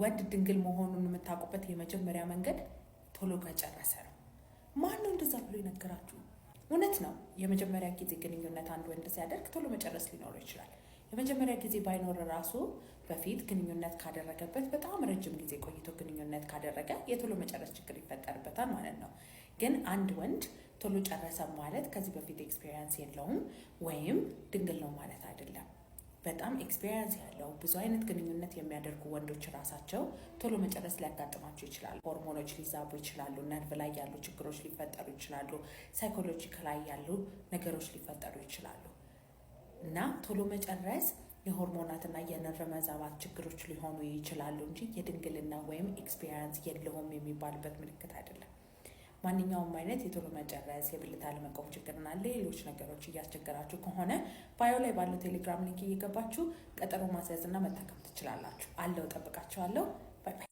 ወንድ ድንግል መሆኑን የምታውቁበት የመጀመሪያ መንገድ ቶሎ ከጨረሰ ነው። ማን ነው እንደዛ ብሎ ይነገራችሁ? እውነት ነው። የመጀመሪያ ጊዜ ግንኙነት አንድ ወንድ ሲያደርግ ቶሎ መጨረስ ሊኖረው ይችላል። የመጀመሪያ ጊዜ ባይኖር ራሱ በፊት ግንኙነት ካደረገበት በጣም ረጅም ጊዜ ቆይቶ ግንኙነት ካደረገ የቶሎ መጨረስ ችግር ይፈጠርበታል ማለት ነው። ግን አንድ ወንድ ቶሎ ጨረሰ ማለት ከዚህ በፊት ኤክስፔሪንስ የለውም ወይም ድንግል ነው ማለት አይደለም። በጣም ኤክስፔሪንስ ያለው ብዙ አይነት ግንኙነት የሚያደርጉ ወንዶች ራሳቸው ቶሎ መጨረስ ሊያጋጥማቸው ይችላል። ሆርሞኖች ሊዛቡ ይችላሉ። ነርቭ ላይ ያሉ ችግሮች ሊፈጠሩ ይችላሉ። ሳይኮሎጂክ ላይ ያሉ ነገሮች ሊፈጠሩ ይችላሉ እና ቶሎ መጨረስ የሆርሞናትና የነርቭ መዛባት ችግሮች ሊሆኑ ይችላሉ እንጂ የድንግልና ወይም ኤክስፔሪንስ የለውም የሚባልበት ምልክት አይደለም። ማንኛውም አይነት የቶሎ መጨረስ፣ የብልት አለመቆም ችግርና ሌሎች ነገሮች እያስቸገራችሁ ከሆነ ባዮ ላይ ባለው ቴሌግራም ሊንክ እየገባችሁ ቀጠሮ ማስያዝና መታከም ትችላላችሁ። አለው ጠብቃችኋለሁ።